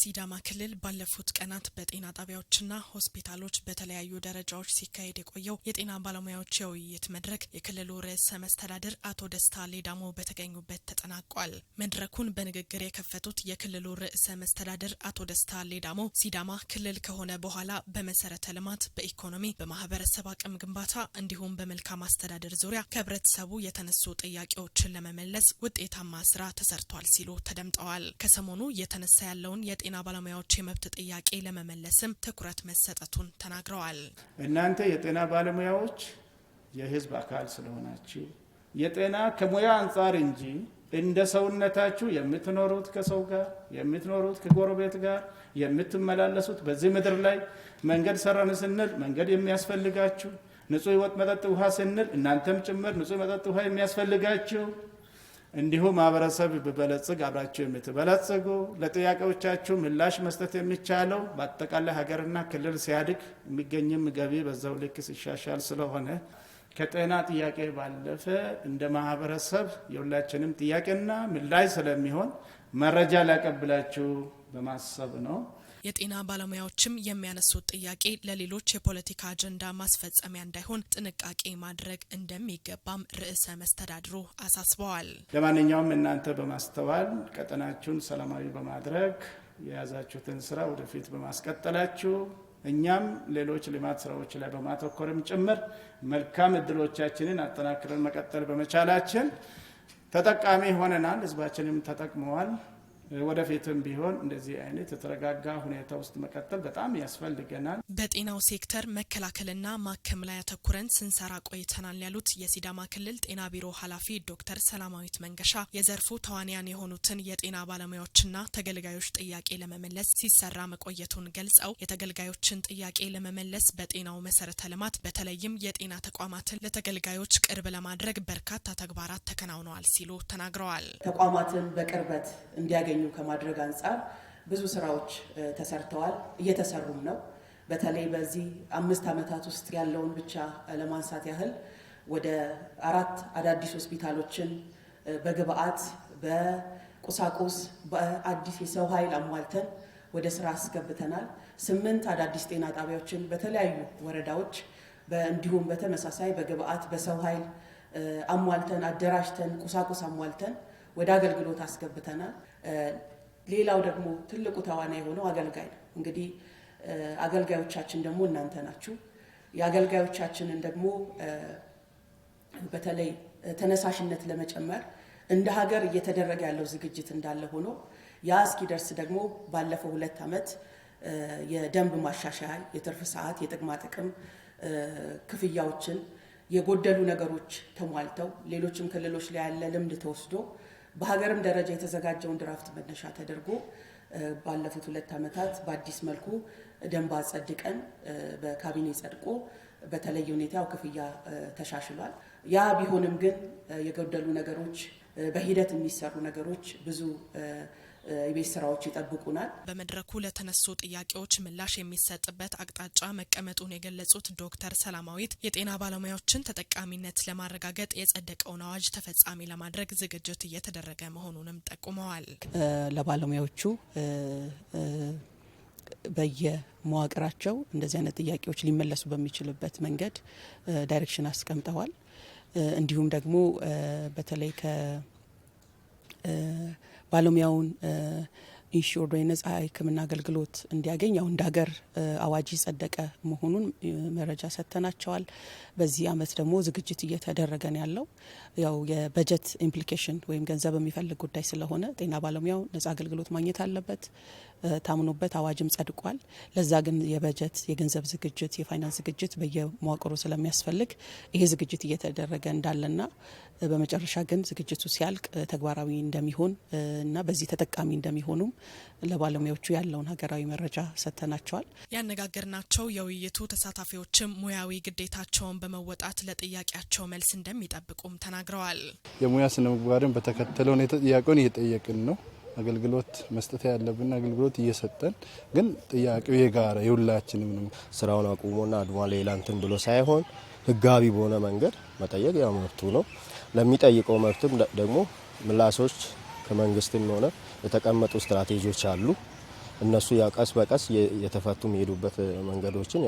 በሲዳማ ክልል ባለፉት ቀናት በጤና ጣቢያዎችና ሆስፒታሎች በተለያዩ ደረጃዎች ሲካሄድ የቆየው የጤና ባለሙያዎች የውይይት መድረክ የክልሉ ርዕሰ መስተዳድር አቶ ደስታ ሌዳሞ በተገኙበት ተጠናቋል። መድረኩን በንግግር የከፈቱት የክልሉ ርዕሰ መስተዳድር አቶ ደስታ ሌዳሞ ሲዳማ ክልል ከሆነ በኋላ በመሰረተ ልማት፣ በኢኮኖሚ፣ በማህበረሰብ አቅም ግንባታ እንዲሁም በመልካም አስተዳደር ዙሪያ ከህብረተሰቡ የተነሱ ጥያቄዎችን ለመመለስ ውጤታማ ስራ ተሰርቷል ሲሉ ተደምጠዋል። ከሰሞኑ የተነሳ ያለውን የጤና የጤና ባለሙያዎች የመብት ጥያቄ ለመመለስም ትኩረት መሰጠቱን ተናግረዋል። እናንተ የጤና ባለሙያዎች የህዝብ አካል ስለሆናችሁ የጤና ከሙያ አንጻር እንጂ እንደ ሰውነታችሁ የምትኖሩት ከሰው ጋር የምትኖሩት ከጎረቤት ጋር የምትመላለሱት በዚህ ምድር ላይ መንገድ ሰራን ስንል መንገድ የሚያስፈልጋችሁ ንጹህ ወጥ መጠጥ ውሃ ስንል እናንተም ጭምር ንጹህ መጠጥ ውሃ የሚያስፈልጋችሁ እንዲሁ ማህበረሰብ ብበለጽግ አብራችሁ የምትበለጽጉ ለጥያቄዎቻችሁ ምላሽ መስጠት የሚቻለው በአጠቃላይ ሀገርና ክልል ሲያድግ የሚገኝም ገቢ በዛው ልክ ሲሻሻል ስለሆነ ከጤና ጥያቄ ባለፈ እንደ ማህበረሰብ የሁላችንም ጥያቄና ምላሽ ስለሚሆን መረጃ ሊያቀብላችሁ በማሰብ ነው። የጤና ባለሙያዎችም የሚያነሱት ጥያቄ ለሌሎች የፖለቲካ አጀንዳ ማስፈጸሚያ እንዳይሆን ጥንቃቄ ማድረግ እንደሚገባም ርዕሰ መስተዳድሩ አሳስበዋል። ለማንኛውም እናንተ በማስተዋል ቀጠናችሁን ሰላማዊ በማድረግ የያዛችሁትን ስራ ወደፊት በማስቀጠላችሁ እኛም ሌሎች ልማት ስራዎች ላይ በማተኮርም ጭምር መልካም እድሎቻችንን አጠናክረን መቀጠል በመቻላችን ተጠቃሚ ሆነናል። ህዝባችንም ተጠቅመዋል። ወደፊትም ቢሆን እንደዚህ አይነት የተረጋጋ ሁኔታ ውስጥ መቀጠል በጣም ያስፈልገናል። በጤናው ሴክተር መከላከልና ማከም ላይ አተኩረን ስንሰራ ቆይተናል ያሉት የሲዳማ ክልል ጤና ቢሮ ኃላፊ ዶክተር ሰላማዊት መንገሻ የዘርፉ ተዋንያን የሆኑትን የጤና ባለሙያዎችና ተገልጋዮች ጥያቄ ለመመለስ ሲሰራ መቆየቱን ገልጸው የተገልጋዮችን ጥያቄ ለመመለስ በጤናው መሰረተ ልማት በተለይም የጤና ተቋማትን ለተገልጋዮች ቅርብ ለማድረግ በርካታ ተግባራት ተከናውነዋል ሲሉ ተናግረዋል። ተቋማትን በቅርበት እንዲያገኙ እንዲያገኙ ከማድረግ አንጻር ብዙ ስራዎች ተሰርተዋል፣ እየተሰሩም ነው። በተለይ በዚህ አምስት ዓመታት ውስጥ ያለውን ብቻ ለማንሳት ያህል ወደ አራት አዳዲስ ሆስፒታሎችን በግብአት በቁሳቁስ በአዲስ የሰው ኃይል አሟልተን ወደ ስራ አስገብተናል። ስምንት አዳዲስ ጤና ጣቢያዎችን በተለያዩ ወረዳዎች እንዲሁም በተመሳሳይ በግብአት በሰው ኃይል አሟልተን አደራጅተን ቁሳቁስ አሟልተን ወደ አገልግሎት አስገብተናል። ሌላው ደግሞ ትልቁ ተዋናይ የሆነው አገልጋይ ነው። እንግዲህ አገልጋዮቻችን ደግሞ እናንተ ናችሁ። የአገልጋዮቻችንን ደግሞ በተለይ ተነሳሽነት ለመጨመር እንደ ሀገር እየተደረገ ያለው ዝግጅት እንዳለ ሆኖ ያ እስኪደርስ ደግሞ ባለፈው ሁለት ዓመት የደንብ ማሻሻያ፣ የትርፍ ሰዓት፣ የጥቅማ ጥቅም ክፍያዎችን የጎደሉ ነገሮች ተሟልተው ሌሎችም ክልሎች ላይ ያለ ልምድ ተወስዶ በሀገርም ደረጃ የተዘጋጀውን ድራፍት መነሻ ተደርጎ ባለፉት ሁለት ዓመታት በአዲስ መልኩ ደንብ አጸድቀን በካቢኔ ጸድቆ በተለየ ሁኔታ ክፍያ ተሻሽሏል። ያ ቢሆንም ግን የጎደሉ ነገሮች፣ በሂደት የሚሰሩ ነገሮች ብዙ የቤት ስራዎች ይጠብቁናል። በመድረኩ ለተነሱ ጥያቄዎች ምላሽ የሚሰጥበት አቅጣጫ መቀመጡን የገለጹት ዶክተር ሰላማዊት የጤና ባለሙያዎችን ተጠቃሚነት ለማረጋገጥ የጸደቀውን አዋጅ ተፈጻሚ ለማድረግ ዝግጅት እየተደረገ መሆኑንም ጠቁመዋል። ለባለሙያዎቹ በየመዋቅራቸው እንደዚህ አይነት ጥያቄዎች ሊመለሱ በሚችልበት መንገድ ዳይሬክሽን አስቀምጠዋል። እንዲሁም ደግሞ በተለይ ከ ባለሙያውን ኢንሹርድ ወይ ነጻ ሕክምና አገልግሎት እንዲያገኝ ያው እንደ ሀገር አዋጅ ጸደቀ መሆኑን መረጃ ሰጥተናቸዋል። በዚህ አመት ደግሞ ዝግጅት እየተደረገ ነው ያለው። ያው የበጀት ኢምፕሊኬሽን ወይም ገንዘብ የሚፈልግ ጉዳይ ስለሆነ ጤና ባለሙያው ነጻ አገልግሎት ማግኘት አለበት። ታምኖበት አዋጅም ጸድቋል። ለዛ ግን የበጀት የገንዘብ ዝግጅት የፋይናንስ ዝግጅት በየመዋቅሩ ስለሚያስፈልግ ይሄ ዝግጅት እየተደረገ እንዳለና በመጨረሻ ግን ዝግጅቱ ሲያልቅ ተግባራዊ እንደሚሆን እና በዚህ ተጠቃሚ እንደሚሆኑም ለባለሙያዎቹ ያለውን ሀገራዊ መረጃ ሰጥተናቸዋል። ያነጋገርናቸው የውይይቱ ተሳታፊዎችም ሙያዊ ግዴታቸውን በመወጣት ለጥያቄያቸው መልስ እንደሚጠብቁም ተናግረዋል። የሙያ ስነምግባርን በተከተለ ሁኔታ ጥያቄውን እየጠየቅን ነው። አገልግሎት መስጠት ያለብን አገልግሎት እየሰጠን ግን ጥያቄው የጋራ የሁላችንም ነው። ስራውን አቁሞና አድማ ሌላ እንትን ብሎ ሳይሆን ህጋዊ በሆነ መንገድ መጠየቅ ያው መብቱ ነው። ለሚጠይቀው መብትም ደግሞ ምላሾች ከመንግስትም ሆነ የተቀመጡ ስትራቴጂዎች አሉ። እነሱ ያው ቀስ በቀስ የተፈቱ የሚሄዱበት መንገዶችን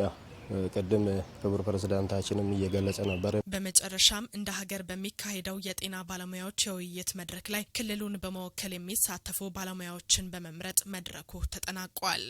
ቅድም ክቡር ፕሬዝዳንታችንም እየገለጸ ነበር። በመጨረሻም እንደ ሀገር በሚካሄደው የጤና ባለሙያዎች የውይይት መድረክ ላይ ክልሉን በመወከል የሚሳተፉ ባለሙያዎችን በመምረጥ መድረኩ ተጠናቋል።